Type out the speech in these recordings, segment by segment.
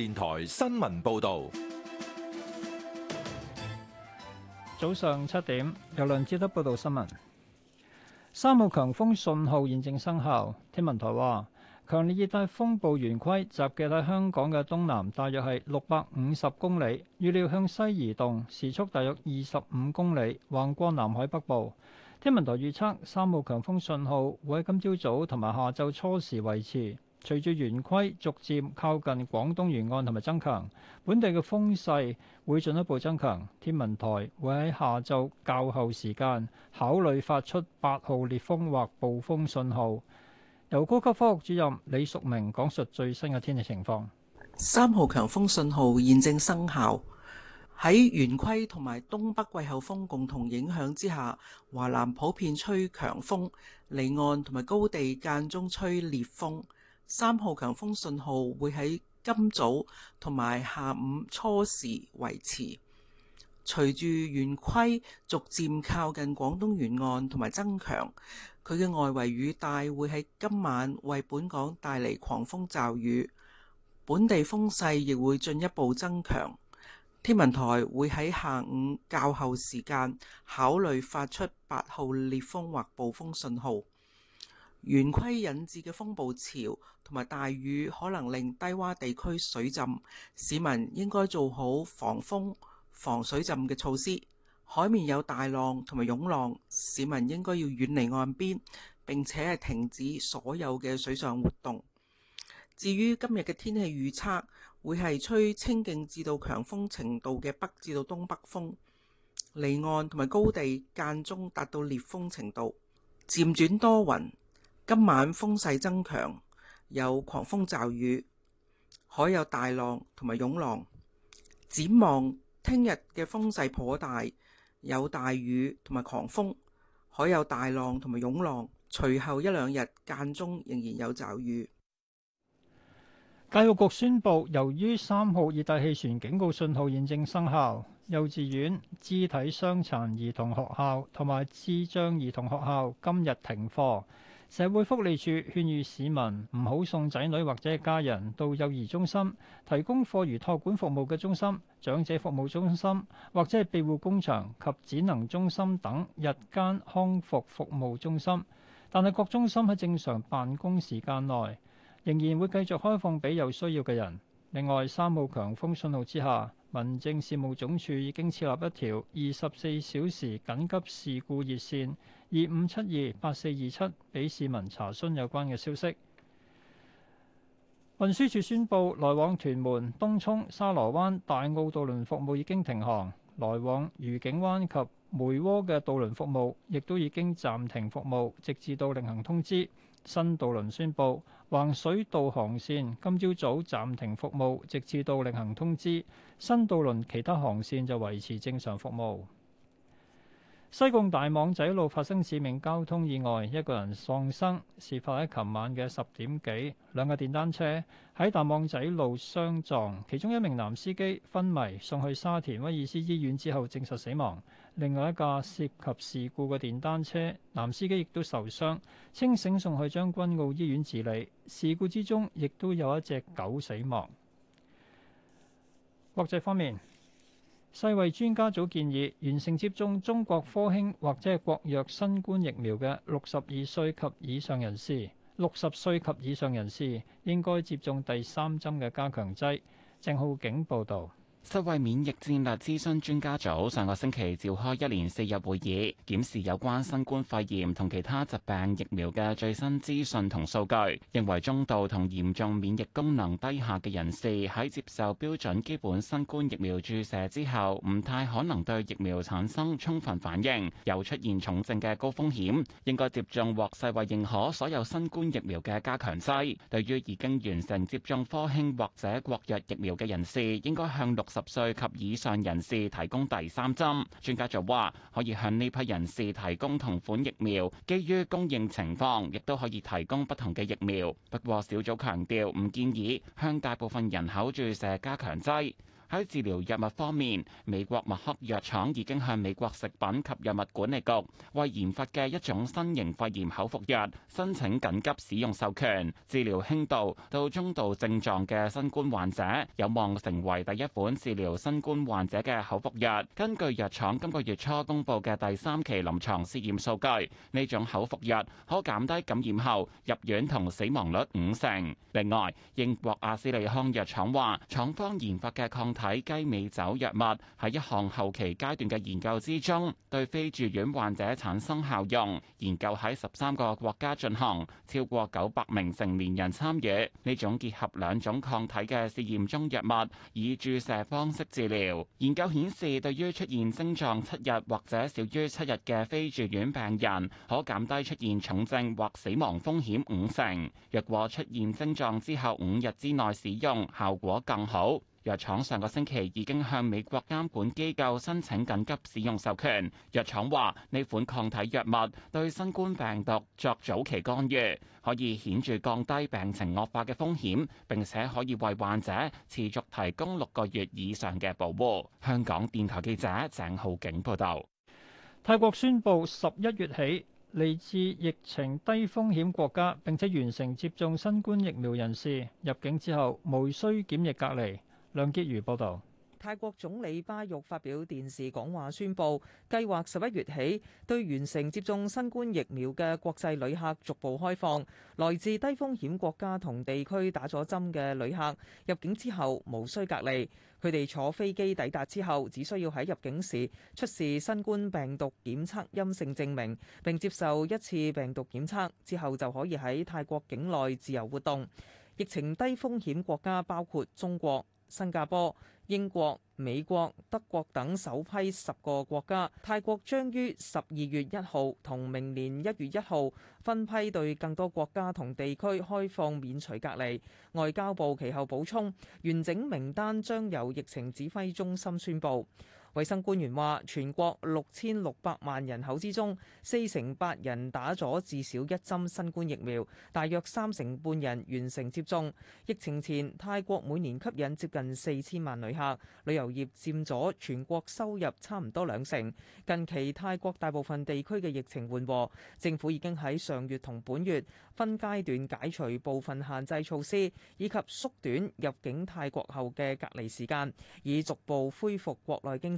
電台新聞報道，早上七點，由梁志德報道新聞。三號強風信號現正生效。天文台話，強烈熱帶風暴圓規集結喺香港嘅東南，大約係六百五十公里，預料向西移動，時速大約二十五公里，橫過南海北部。天文台預測，三號強風信號會喺今朝早同埋下晝初時維持。隨住圓規逐漸靠近廣東沿岸同埋增強，本地嘅風勢會進一步增強。天文台會喺下晝較後時間考慮發出八號烈風或暴風信號。由高級科學主任李淑明講述最新嘅天氣情況。三號強風信號現正生效，喺圓規同埋東北季候風共同影響之下，華南普遍吹強風，離岸同埋高地間中吹烈風。三號強風信號會喺今早同埋下午初時維持，隨住圓規逐漸靠近廣東沿岸同埋增強，佢嘅外圍雨帶會喺今晚為本港帶嚟狂風驟雨，本地風勢亦會進一步增強。天文台會喺下午較後時間考慮發出八號烈風或暴風信號。圓規引致嘅風暴潮同埋大雨可能令低洼地區水浸，市民應該做好防風、防水浸嘅措施。海面有大浪同埋湧浪，市民應該要遠離岸邊，並且係停止所有嘅水上活動。至於今日嘅天氣預測，會係吹清勁至到強風程度嘅北至到東北風，離岸同埋高地間中達到烈風程度，漸轉多雲。今晚風勢增強，有狂風驟雨，海有大浪同埋湧浪。展望聽日嘅風勢頗大，有大雨同埋狂風，海有大浪同埋湧浪。隨後一兩日間中仍然有驟雨。教育局宣布，由於三號熱帶氣旋警告信號現正生效，幼稚園、肢體傷殘兒童學校同埋智障兒童學校今日停課。社會福利署勸喻市民唔好送仔女或者家人到幼兒中心、提供課餘托管服務嘅中心、長者服務中心或者係庇護工場及展能中心等日間康復服務中心。但係各中心喺正常辦公時間內，仍然會繼續開放俾有需要嘅人。另外，三號強風信號之下。民政事務總署已經設立一條二十四小時緊急事故熱線，二五七二八四二七，俾市民查詢有關嘅消息。運輸署宣布，來往屯門、東涌、沙螺灣、大澳渡輪服務已經停航，來往愉景灣及梅窩嘅渡輪服務亦都已經暫停服務，直至到另行通知。新渡輪宣布橫水渡航線今朝早暫停服務，直至到另行通知。新渡輪其他航線就維持正常服務。西貢大網仔路發生致命交通意外，一個人喪生。事發喺琴晚嘅十點幾，兩架電單車喺大網仔路相撞，其中一名男司機昏迷，送去沙田威爾斯醫院之後證實死亡。另外一架涉及事故嘅電單車男司機亦都受傷，清醒送去將軍澳醫院治理。事故之中亦都有一隻狗死亡。國際方面。世衛專家組建議，完成接種中國科興或者國藥新冠疫苗嘅六十二歲及以上人士、六十歲及以上人士應該接種第三針嘅加強劑，鄭浩景報道。世衛免疫戰略諮詢專家組上個星期召開一連四日會議，檢視有關新冠肺炎同其他疾病疫苗嘅最新資訊同數據，認為中度同嚴重免疫功能低下嘅人士喺接受標準基本新冠疫苗注射之後，唔太可能對疫苗產生充分反應，又出現重症嘅高風險，應該接種獲世衛認可所有新冠疫苗嘅加強劑。對於已經完成接種科興或者國藥疫苗嘅人士，應該向六。十歲及以上人士提供第三針，專家就話可以向呢批人士提供同款疫苗，基於供應情況，亦都可以提供不同嘅疫苗。不過小組強調，唔建議向大部分人口注射加強劑。喺治療藥物方面，美國默克藥廠已經向美國食品及藥物管理局為研發嘅一種新型肺炎口服藥申請緊急使用授權，治療輕度到中度症狀嘅新冠患者，有望成為第一款治療新冠患者嘅口服藥。根據藥廠今個月初公布嘅第三期臨床試驗數據，呢種口服藥可減低感染後入院同死亡率五成。另外，英國阿斯利康藥廠話，廠方研發嘅抗體雞尾酒藥物喺一項後期階段嘅研究之中，對非住院患者產生效用。研究喺十三個國家進行，超過九百名成年人參與呢種結合兩種抗體嘅試驗中藥物，以注射方式治療。研究顯示，對於出現症狀七日或者少於七日嘅非住院病人，可減低出現重症或死亡風險五成。若果出現症狀之後五日之內使用，效果更好。藥廠上個星期已經向美國監管機構申請緊急使用授權。藥廠話，呢款抗體藥物對新冠病毒作早期干預，可以顯著降低病情惡化嘅風險，並且可以為患者持續提供六個月以上嘅保護。香港電台記者鄭浩景報道。泰國宣布十一月起，嚟自疫情低風險國家，並且完成接種新冠疫苗人士入境之後，無需檢疫隔離。梁潔如報道。泰國總理巴育發表電視講話，宣布計劃十一月起對完成接種新冠疫苗嘅國際旅客逐步開放。來自低風險國家同地區打咗針嘅旅客入境之後無需隔離，佢哋坐飛機抵達之後只需要喺入境時出示新冠病毒檢測陰性證明，並接受一次病毒檢測之後就可以喺泰國境內自由活動。疫情低風險國家包括中國，新加坡、英國、美國、德國等首批十個國家，泰國將於十二月一號同明年一月一號分批對更多國家同地區開放免除隔離。外交部其後補充，完整名單將由疫情指揮中心宣佈。衛生官員話：全國六千六百萬人口之中，四成八人打咗至少一針新冠疫苗，大約三成半人完成接種。疫情前，泰國每年吸引接近四千萬旅客，旅遊業佔咗全國收入差唔多兩成。近期，泰國大部分地區嘅疫情緩和，政府已經喺上月同本月分階段解除部分限制措施，以及縮短入境泰國後嘅隔離時間，以逐步恢復國內經濟。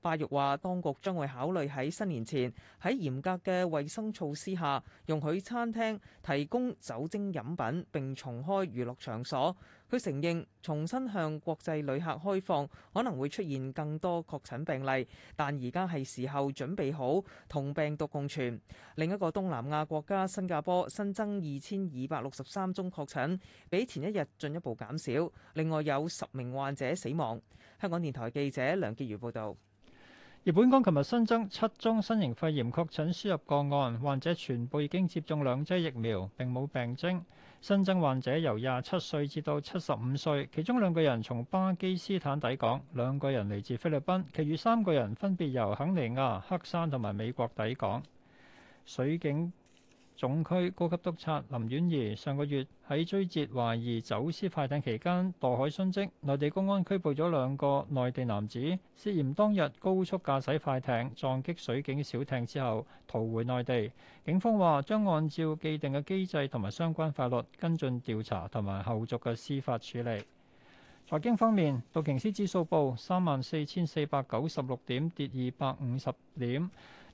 巴育話，當局將會考慮喺新年前喺嚴格嘅衛生措施下容許餐廳提供酒精飲品並重開娛樂場所。佢承認重新向國際旅客開放可能會出現更多確診病例，但而家係時候準備好同病毒共存。另一個東南亞國家新加坡新增二千二百六十三宗確診，比前一日進一步減少，另外有十名患者死亡。香港電台記者梁潔如報道。而本港琴日新增七宗新型肺炎確診輸入個案，患者全部已經接種兩劑疫苗，並冇病徵，新增患者由廿七歲至到七十五歲，其中兩個人從巴基斯坦抵港，兩個人嚟自菲律賓，其餘三個人分別由肯尼亞、黑山同埋美國抵港。水警總區高級督察林婉儀上個月喺追截懷疑走私快艇期間墮海殉職，內地公安拘捕咗兩個內地男子，涉嫌當日高速駕駛快艇撞擊水警小艇之後逃回內地。警方話將按照既定嘅機制同埋相關法律跟進調查同埋後續嘅司法處理。財經方面，道瓊斯指數報三萬四千四百九十六點，跌二百五十點。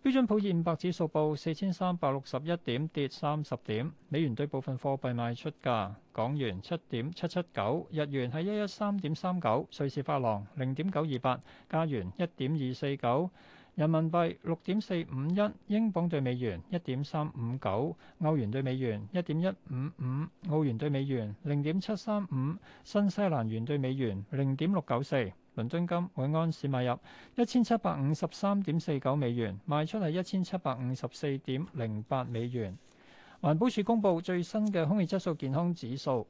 標準普爾五百指數報四千三百六十一點，跌三十點。美元對部分貨幣賣出價：港元七點七七九，日元係一一三點三九，瑞士法郎零點九二八，加元一點二四九，人民幣六點四五一，英鎊對美元一點三五九，歐元對美元一點一五五，澳元對美元零點七三五，新西蘭元對美元零點六九四。倫敦金每安士買入一千七百五十三點四九美元，賣出係一千七百五十四點零八美元。環保署公布最新嘅空氣質素健康指數，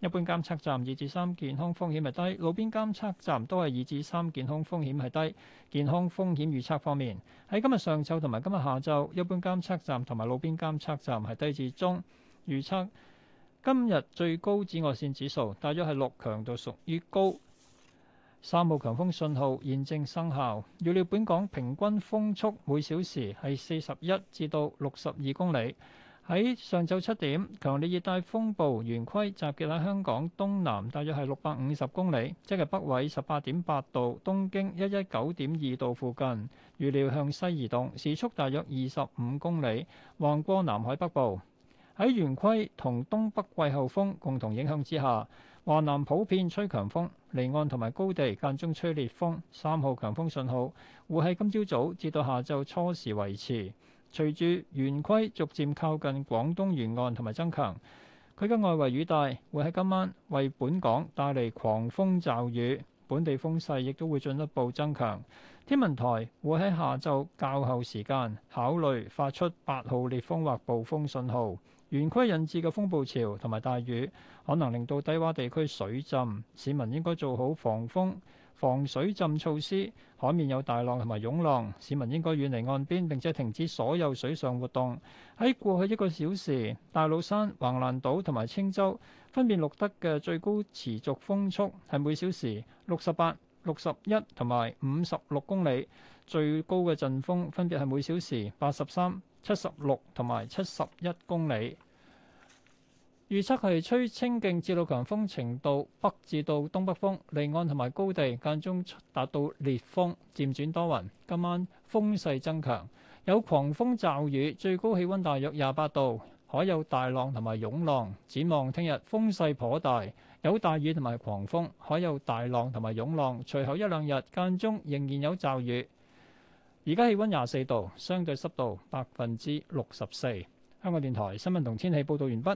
一般監測站二至三健康風險係低，路邊監測站都係二至三健康風險係低。健康風險預測方面，喺今日上晝同埋今日下晝，一般監測站同埋路邊監測站係低至中預測。預測今日最高紫外線指數大約係六強度，屬於高。三號強風信號現正生效，預料本港平均風速每小時係四十一至到六十二公里。喺上晝七點，強烈熱帶風暴圓規集結喺香港東南，大約係六百五十公里，即係北緯十八點八度、東經一一九點二度附近。預料向西移動，時速大約二十五公里，橫過南海北部。喺圓規同東北季候風共同影響之下，華南普遍吹強風，離岸同埋高地間中吹烈風，三號強風信號會喺今朝早至到下晝初時維持。隨住圓規逐漸靠近廣東沿岸同埋增強，佢嘅外圍雨帶會喺今晚為本港帶嚟狂風驟雨，本地風勢亦都會進一步增強。天文台會喺下晝較後時間考慮發出八號烈風或暴風信號。圓規引致嘅風暴潮同埋大雨，可能令到低窪地區水浸，市民應該做好防風、防水浸措施。海面有大浪同埋湧浪，市民應該遠離岸邊並且停止所有水上活動。喺過去一個小時，大老山、橫瀾島同埋青洲分別錄得嘅最高持續風速係每小時六十八、六十一同埋五十六公里，最高嘅陣風分別係每小時八十三、七十六同埋七十一公里。預測係吹清勁至到強風程度，北至到東北風，離岸同埋高地間中達到烈風，漸轉多雲。今晚風勢增強，有狂風驟雨，最高氣温大約廿八度，海有大浪同埋湧浪。展望聽日風勢頗大，有大雨同埋狂風，海有大浪同埋湧浪。隨後一兩日間中仍然有驟雨。而家氣温廿四度，相對濕度百分之六十四。香港電台新聞同天氣報導完畢。